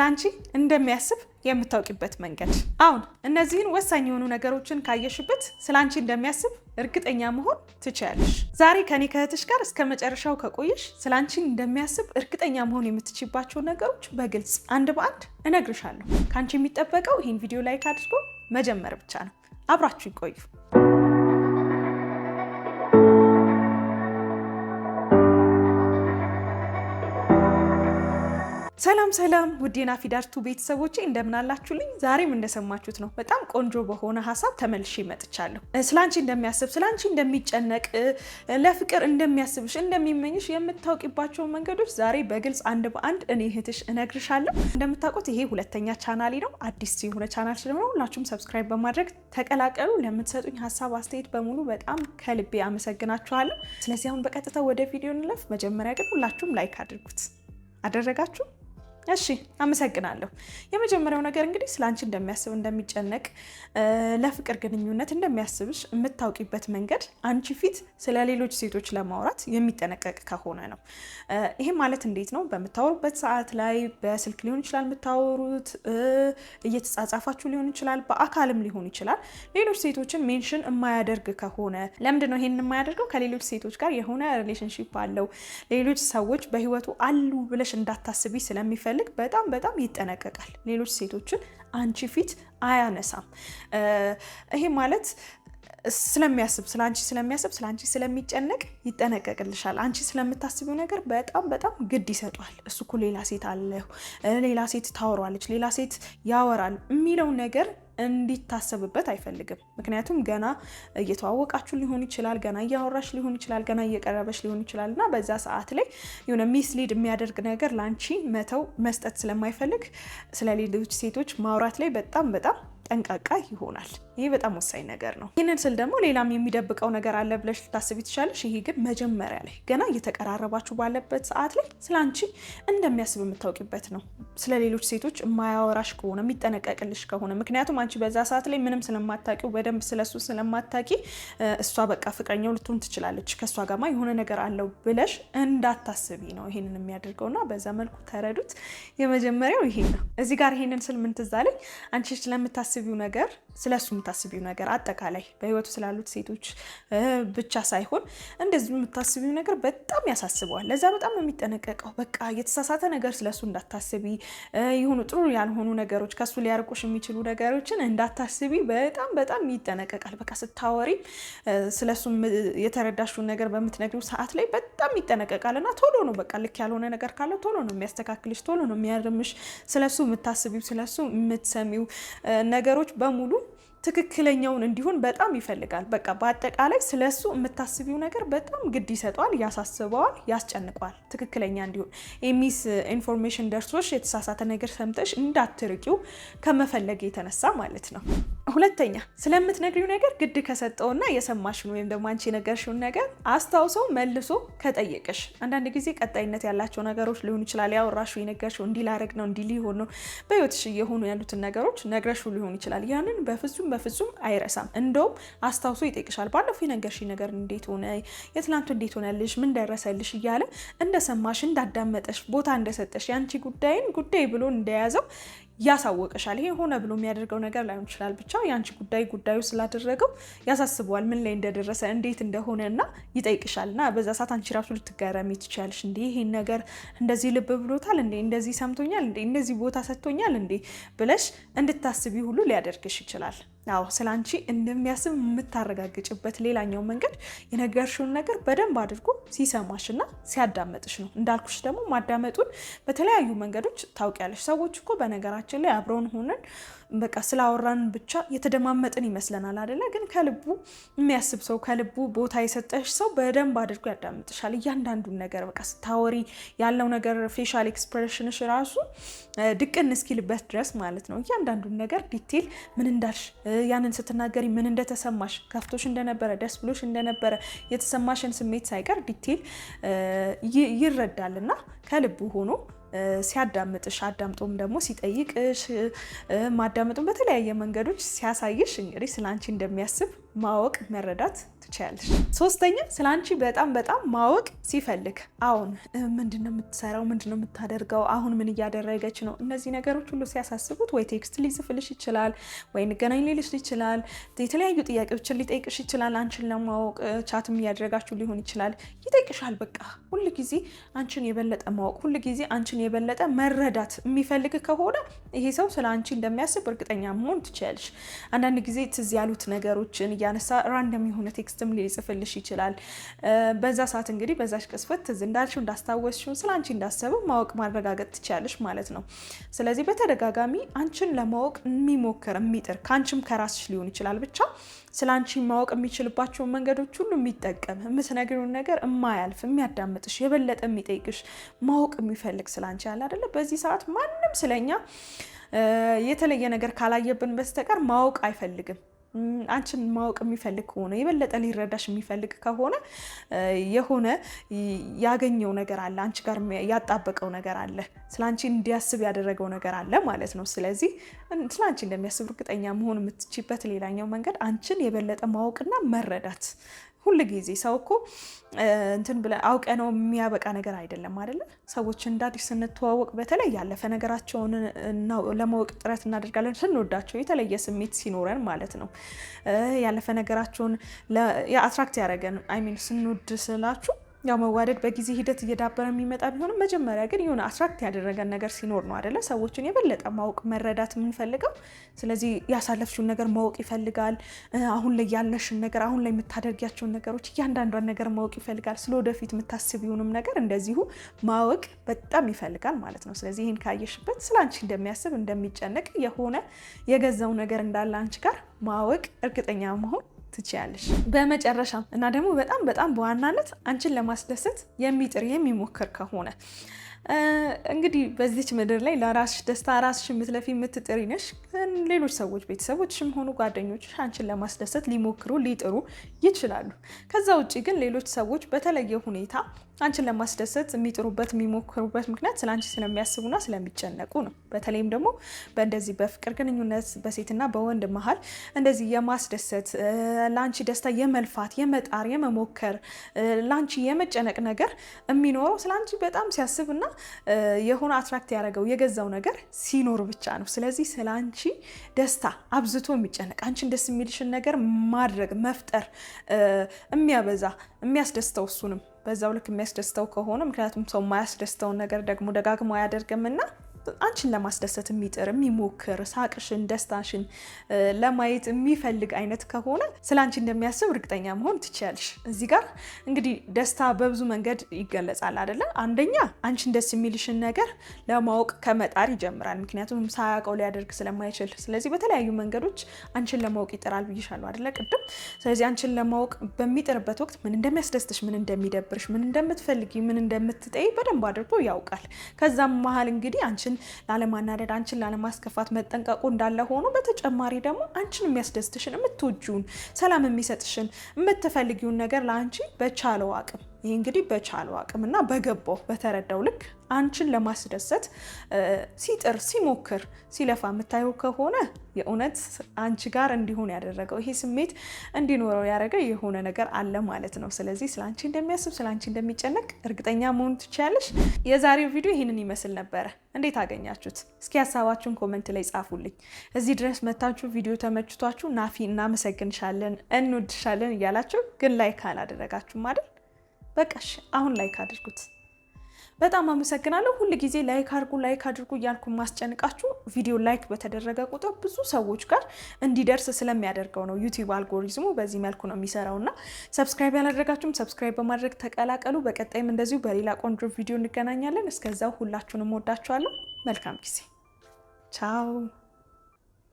ላንቺ እንደሚያስብ የምታውቂበት መንገድ። አሁን እነዚህን ወሳኝ የሆኑ ነገሮችን ካየሽበት ስላንቺ እንደሚያስብ እርግጠኛ መሆን ትችያለሽ። ዛሬ ከኔ ከእህትሽ ጋር እስከ መጨረሻው ከቆየሽ ስላንቺ እንደሚያስብ እርግጠኛ መሆን የምትችባቸውን ነገሮች በግልጽ አንድ በአንድ እነግርሻለሁ። ከአንቺ የሚጠበቀው ይህን ቪዲዮ ላይክ አድርጎ መጀመር ብቻ ነው። አብራችሁ ይቆዩ። ሰላም ሰላም ውዴና ፊዳርቱ ቤተሰቦች ቤተሰቦቼ ዛሬም እንደሰማችሁት ነው በጣም ቆንጆ በሆነ ሀሳብ ተመልሼ መጥቻለሁ። ስላንቺ እንደሚያስብ ስላንቺ እንደሚጨነቅ ለፍቅር እንደሚያስብሽ እንደሚመኝሽ የምታውቂባቸውን መንገዶች ዛሬ በግልጽ አንድ በአንድ እኔ እህትሽ እነግርሻለሁ። እንደምታውቁት ይሄ ሁለተኛ ቻናሌ ነው። አዲስ የሆነ ቻናል ስለሆነ ሁላችሁም ሰብስክራይብ በማድረግ ተቀላቀሉ። ለምትሰጡኝ ሀሳብ አስተያየት በሙሉ በጣም ከልቤ አመሰግናችኋለሁ። ስለዚህ አሁን በቀጥታ ወደ ቪዲዮ እንለፍ። መጀመሪያ ግን ሁላችሁም ላይክ አድርጉት። አደረጋችሁ? እሺ አመሰግናለሁ። የመጀመሪያው ነገር እንግዲህ ስለ አንቺ እንደሚያስብ እንደሚጨነቅ፣ ለፍቅር ግንኙነት እንደሚያስብሽ የምታውቂበት መንገድ አንቺ ፊት ስለ ሌሎች ሴቶች ለማውራት የሚጠነቀቅ ከሆነ ነው። ይሄ ማለት እንዴት ነው? በምታወሩበት ሰዓት ላይ በስልክ ሊሆን ይችላል የምታወሩት፣ እየተጻጻፋችሁ ሊሆን ይችላል፣ በአካልም ሊሆን ይችላል። ሌሎች ሴቶችን ሜንሽን የማያደርግ ከሆነ ለምንድን ነው ይሄን የማያደርገው? ከሌሎች ሴቶች ጋር የሆነ ሪሌሽንሽፕ አለው፣ ሌሎች ሰዎች በህይወቱ አሉ ብለሽ እንዳታስቢ ስለሚፈልግ ሲፈልግ በጣም በጣም ይጠነቀቃል። ሌሎች ሴቶችን አንቺ ፊት አያነሳም። ይሄ ማለት ስለሚያስብ ስለ አንቺ ስለሚያስብ ስለ አንቺ ስለሚጨነቅ ይጠነቀቅልሻል። አንቺ ስለምታስቢው ነገር በጣም በጣም ግድ ይሰጧል። እሱ እኮ ሌላ ሴት አለሁ፣ ሌላ ሴት ታወሯለች፣ ሌላ ሴት ያወራል የሚለው ነገር እንዲታሰብበት አይፈልግም። ምክንያቱም ገና እየተዋወቃችሁ ሊሆን ይችላል፣ ገና እያወራሽ ሊሆን ይችላል፣ ገና እየቀረበች ሊሆን ይችላል እና በዛ ሰዓት ላይ የሆነ ሚስሊድ የሚያደርግ ነገር ላንቺ መተው መስጠት ስለማይፈልግ ስለሌሎች ሴቶች ማውራት ላይ በጣም በጣም ጠንቃቃ ይሆናል። ይህ በጣም ወሳኝ ነገር ነው። ይህንን ስል ደግሞ ሌላም የሚደብቀው ነገር አለ ብለሽ ልታስቢ ትችላለሽ። ይሄ ግን መጀመሪያ ላይ ገና እየተቀራረባችሁ ባለበት ሰዓት ላይ ስለ አንቺ እንደሚያስብ የምታውቂበት ነው። ስለ ሌሎች ሴቶች የማያወራሽ ከሆነ የሚጠነቀቅልሽ ከሆነ ምክንያቱም አንቺ በዛ ሰዓት ላይ ምንም ስለማታውቂው በደንብ ስለሱ ስለማታውቂ እሷ በቃ ፍቅረኛው ልትሆን ትችላለች፣ ከእሷ ጋማ የሆነ ነገር አለው ብለሽ እንዳታስቢ ነው ይሄንን እና በዛ መልኩ ተረዱት። የመጀመሪያው ይሄ ነው። እዚህ ጋር ይሄንን ስል ምን ትዝ አለኝ አንቺ ስለምታስ የምታስቢው ነገር ስለ እሱ የምታስቢው ነገር አጠቃላይ በህይወቱ ስላሉት ሴቶች ብቻ ሳይሆን እንደዚሁ የምታስቢው ነገር በጣም ያሳስበዋል። ለዛ በጣም የሚጠነቀቀው በቃ የተሳሳተ ነገር ስለ እሱ እንዳታስቢ፣ የሆኑ ጥሩ ያልሆኑ ነገሮች ከሱ ሊያርቁሽ የሚችሉ ነገሮችን እንዳታስቢ በጣም በጣም ይጠነቀቃል። በቃ ስታወሪ ስለ እሱ የተረዳሽውን ነገር በምትነግሪው ሰዓት ላይ በጣም ይጠነቀቃል እና ቶሎ ነው በቃ ልክ ያልሆነ ነገር ካለ ቶሎ ነው የሚያስተካክልሽ፣ ቶሎ ነው የሚያርምሽ። ስለሱ የምታስቢው ስለሱ የምትሰሚው ነገሮች በሙሉ ትክክለኛውን እንዲሆን በጣም ይፈልጋል። በቃ በአጠቃላይ ስለ እሱ የምታስቢው ነገር በጣም ግድ ይሰጠዋል፣ ያሳስበዋል፣ ያስጨንቀዋል። ትክክለኛ እንዲሆን የሚስ ኢንፎርሜሽን ደርሶች የተሳሳተ ነገር ሰምተሽ እንዳትርቂው ከመፈለግ የተነሳ ማለት ነው። ሁለተኛ ስለምትነግሪው ነገር ግድ ከሰጠውና የሰማሽን ወይም ደግሞ አንቺ የነገርሽውን ነገር አስታውሰው መልሶ ከጠየቀሽ፣ አንዳንድ ጊዜ ቀጣይነት ያላቸው ነገሮች ሊሆን ይችላል። ያወራሽው የነገርሽው እንዲላረግ ነው እንዲህ ነው በህይወትሽ እየሆኑ ያሉትን ነገሮች ነግረሽው ሊሆን ይችላል። ያንን በፍጹም በፍጹም አይረሳም። እንደውም አስታውሶ ይጠይቅሻል። ባለፈው የነገርሽኝ ነገር እንዴት ሆነ፣ የትላንቱ እንዴት ሆነልሽ፣ ምን ደረሰልሽ እያለ እንደሰማሽ፣ እንዳዳመጠሽ፣ ቦታ እንደሰጠሽ የአንቺ ጉዳይን ጉዳይ ብሎ እንደያዘው ያሳወቀሻል። ይሄ ሆነ ብሎ የሚያደርገው ነገር ላይሆን ይችላል፣ ብቻ የአንቺ ጉዳይ ጉዳዩ ስላደረገው ያሳስበዋል፣ ምን ላይ እንደደረሰ እንዴት እንደሆነ እና ይጠይቅሻል። እና በዛ ሰዓት አንቺ ራሱ ልትገረሚ ትችያለሽ። እንዴ ይሄን ነገር እንደዚህ ልብ ብሎታል እንዴ እንደዚህ ሰምቶኛል እንዴ እንደዚህ ቦታ ሰጥቶኛል እንዴ ብለሽ እንድታስቢ ሁሉ ሊያደርግሽ ይችላል። አዎ ስለ አንቺ እንደሚያስብ የምታረጋግጭበት ሌላኛው መንገድ የነገርሽውን ነገር በደንብ አድርጎ ሲሰማሽና ሲያዳመጥሽ ነው። እንዳልኩሽ ደግሞ ማዳመጡን በተለያዩ መንገዶች ታውቂያለሽ። ሰዎች እኮ በነገራችን ላይ አብረውን ሆነን በቃ ስላወራን ብቻ የተደማመጥን ይመስለናል አደለ? ግን ከልቡ የሚያስብ ሰው፣ ከልቡ ቦታ የሰጠሽ ሰው በደንብ አድርጎ ያዳምጥሻል። እያንዳንዱን ነገር በቃ ስታወሪ ያለው ነገር ፌሻል ኤክስፕሬሽንሽ ራሱ ድቅን እስኪልበት ድረስ ማለት ነው እያንዳንዱን ነገር ዲቴል ምን እንዳልሽ ያንን ስትናገሪ ምን እንደተሰማሽ፣ ከፍቶሽ እንደነበረ፣ ደስ ብሎሽ እንደነበረ የተሰማሽን ስሜት ሳይቀር ዲቴል ይረዳል እና ከልቡ ሆኖ ሲያዳምጥሽ አዳምጦም ደግሞ ሲጠይቅሽ ማዳምጡም በተለያየ መንገዶች ሲያሳይሽ እንግዲህ ስለ አንቺ እንደሚያስብ ማወቅ መረዳት ትችያለሽ። ሶስተኛ ስለ አንቺ በጣም በጣም ማወቅ ሲፈልግ አሁን ምንድን ነው የምትሰራው? ምንድን ነው የምታደርገው? አሁን ምን እያደረገች ነው? እነዚህ ነገሮች ሁሉ ሲያሳስቡት ወይ ቴክስት ሊጽፍልሽ ይችላል፣ ወይ እንገናኝ ሊልሽ ይችላል፣ የተለያዩ ጥያቄዎችን ሊጠይቅሽ ይችላል። አንቺን ለማወቅ ቻትም እያደረጋችሁ ሊሆን ይችላል። ይጠይቅሻል። በቃ ሁል ጊዜ አንቺን የበለጠ ማወቅ፣ ሁል ጊዜ አንቺን የበለጠ መረዳት የሚፈልግ ከሆነ ይሄ ሰው ስለ አንቺ እንደሚያስብ እርግጠኛ መሆን ትችያለሽ። አንዳንድ ጊዜ ትዝ ያሉት ነገሮችን እያነሳ ራንደም የሆነ ቴክስትም ሊጽፍልሽ ይችላል። በዛ ሰዓት እንግዲህ በዛሽ ቅጽበት ትዝ እንዳልሽው እንዳስታወስሽው ስለ አንቺ እንዳሰበው ማወቅ ማረጋገጥ ትችላለሽ ማለት ነው። ስለዚህ በተደጋጋሚ አንቺን ለማወቅ የሚሞክር የሚጥር ከአንቺም ከራስሽ ሊሆን ይችላል ብቻ ስለ አንቺ ማወቅ የሚችልባቸውን መንገዶች ሁሉ የሚጠቀም የምትነግሪውን ነገር የማያልፍ የሚያዳምጥሽ የበለጠ የሚጠይቅሽ ማወቅ የሚፈልግ ስለ አንቺ ያለ አይደለ? በዚህ ሰዓት ማንም ስለኛ የተለየ ነገር ካላየብን በስተቀር ማወቅ አይፈልግም። አንቺን ማወቅ የሚፈልግ ከሆነ የበለጠ ሊረዳሽ የሚፈልግ ከሆነ የሆነ ያገኘው ነገር አለ፣ አንቺ ጋር ያጣበቀው ነገር አለ፣ ስለ አንቺ እንዲያስብ ያደረገው ነገር አለ ማለት ነው። ስለዚህ ስለ አንቺ እንደሚያስብ እርግጠኛ መሆን የምትችበት ሌላኛው መንገድ አንቺን የበለጠ ማወቅና መረዳት ሁል ጊዜ ሰው እኮ እንትን ብለን አውቀ ነው የሚያበቃ ነገር አይደለም አይደለ? ሰዎች እንደ አዲስ ስንተዋወቅ በተለይ ያለፈ ነገራቸውን ለማወቅ ጥረት እናደርጋለን፣ ስንወዳቸው የተለየ ስሜት ሲኖረን ማለት ነው። ያለፈ ነገራቸውን አትራክት ያደረገን አይሚን ስንወድ ስላችሁ ያው መዋደድ በጊዜ ሂደት እየዳበረ የሚመጣ ቢሆንም መጀመሪያ ግን የሆነ አስራክት ያደረገን ነገር ሲኖር ነው አደለ? ሰዎችን የበለጠ ማወቅ መረዳት የምንፈልገው። ስለዚህ ያሳለፍሽውን ነገር ማወቅ ይፈልጋል። አሁን ላይ ያለሽን ነገር፣ አሁን ላይ የምታደርጊያቸውን ነገሮች፣ እያንዳንዷን ነገር ማወቅ ይፈልጋል። ስለ ወደፊት የምታስቢውንም ነገር እንደዚሁ ማወቅ በጣም ይፈልጋል ማለት ነው። ስለዚህ ይህን ካየሽበት ስለ አንቺ እንደሚያስብ እንደሚጨነቅ፣ የሆነ የገዛው ነገር እንዳለ አንቺ ጋር ማወቅ እርግጠኛ መሆን ትችያለሽ። በመጨረሻ እና ደግሞ በጣም በጣም በዋናነት አንቺን ለማስደሰት የሚጥር የሚሞክር ከሆነ እንግዲህ በዚች ምድር ላይ ለራስሽ ደስታ ራስሽ የምትለፊ የምትጥሪ ነሽ። ሌሎች ሰዎች ቤተሰቦችሽም ሆኑ ጓደኞች አንቺን ለማስደሰት ሊሞክሩ ሊጥሩ ይችላሉ። ከዛ ውጭ ግን ሌሎች ሰዎች በተለየ ሁኔታ አንቺን ለማስደሰት የሚጥሩበት የሚሞክሩበት ምክንያት ስለ አንቺ ስለሚያስቡና ስለሚጨነቁ ነው። በተለይም ደግሞ በእንደዚህ በፍቅር ግንኙነት በሴትና በወንድ መሀል እንደዚህ የማስደሰት ለአንቺ ደስታ የመልፋት የመጣር የመሞከር ለአንቺ የመጨነቅ ነገር የሚኖረው ስለ አንቺ በጣም ሲያስብና የሆነ አትራክት ያደረገው የገዛው ነገር ሲኖር ብቻ ነው። ስለዚህ ስለ አንቺ ደስታ አብዝቶ የሚጨነቅ አንቺን ደስ የሚልሽን ነገር ማድረግ መፍጠር የሚያበዛ የሚያስደስተው እሱንም በዛው ልክ የሚያስደስተው ከሆነ ምክንያቱም ሰው የማያስደስተውን ነገር ደግሞ ደጋግሞ አያደርግምና አንቺን ለማስደሰት የሚጥር የሚሞክር ሳቅሽን፣ ደስታሽን ለማየት የሚፈልግ አይነት ከሆነ ስለ አንቺ እንደሚያስብ እርግጠኛ መሆን ትችያለሽ። እዚህ ጋር እንግዲህ ደስታ በብዙ መንገድ ይገለጻል አይደለ? አንደኛ አንቺን ደስ የሚልሽን ነገር ለማወቅ ከመጣር ይጀምራል። ምክንያቱም ሳያውቀው ሊያደርግ ስለማይችል፣ ስለዚህ በተለያዩ መንገዶች አንቺን ለማወቅ ይጥራል ብይሻሉ አይደለ ቅድም። ስለዚህ አንቺን ለማወቅ በሚጥርበት ወቅት ምን እንደሚያስደስትሽ፣ ምን እንደሚደብርሽ፣ ምን እንደምትፈልጊ፣ ምን እንደምትጠይ በደንብ አድርጎ ያውቃል። ከዛም መሀል እንግዲህ አንቺን አንቺን ላለማናደድ፣ አንቺን ላለማስከፋት መጠንቀቁ እንዳለ ሆኖ በተጨማሪ ደግሞ አንቺን የሚያስደስትሽን የምትወጂውን ሰላም የሚሰጥሽን የምትፈልጊውን ነገር ለአንቺ በቻለው አቅም ይህ እንግዲህ በቻለው አቅምና በገባው በተረዳው ልክ አንቺን ለማስደሰት ሲጥር ሲሞክር ሲለፋ የምታየው ከሆነ የእውነት አንቺ ጋር እንዲሆን ያደረገው ይሄ ስሜት እንዲኖረው ያደረገ የሆነ ነገር አለ ማለት ነው። ስለዚህ ስለ አንቺ እንደሚያስብ ስለ አንቺ እንደሚጨነቅ እርግጠኛ መሆን ትችያለሽ። የዛሬው ቪዲዮ ይህንን ይመስል ነበረ። እንዴት አገኛችሁት? እስኪ ሀሳባችሁን ኮመንት ላይ ጻፉልኝ። እዚህ ድረስ መታችሁ ቪዲዮ ተመችቷችሁ ናፊ እናመሰግንሻለን እንወድሻለን እያላችሁ ግን ላይክ አላደረጋችሁም አይደል? በቃሽ፣ አሁን ላይክ አድርጉት። በጣም አመሰግናለሁ። ሁል ጊዜ ላይክ አድርጉ ላይክ አድርጉ እያልኩ ማስጨንቃችሁ ቪዲዮ ላይክ በተደረገ ቁጥር ብዙ ሰዎች ጋር እንዲደርስ ስለሚያደርገው ነው። ዩቲዩብ አልጎሪዝሙ በዚህ መልኩ ነው የሚሰራው እና ሰብስክራይብ ያላደረጋችሁም ሰብስክራይብ በማድረግ ተቀላቀሉ። በቀጣይም እንደዚሁ በሌላ ቆንጆ ቪዲዮ እንገናኛለን። እስከዛው ሁላችሁንም ወዳችኋለሁ። መልካም ጊዜ። ቻው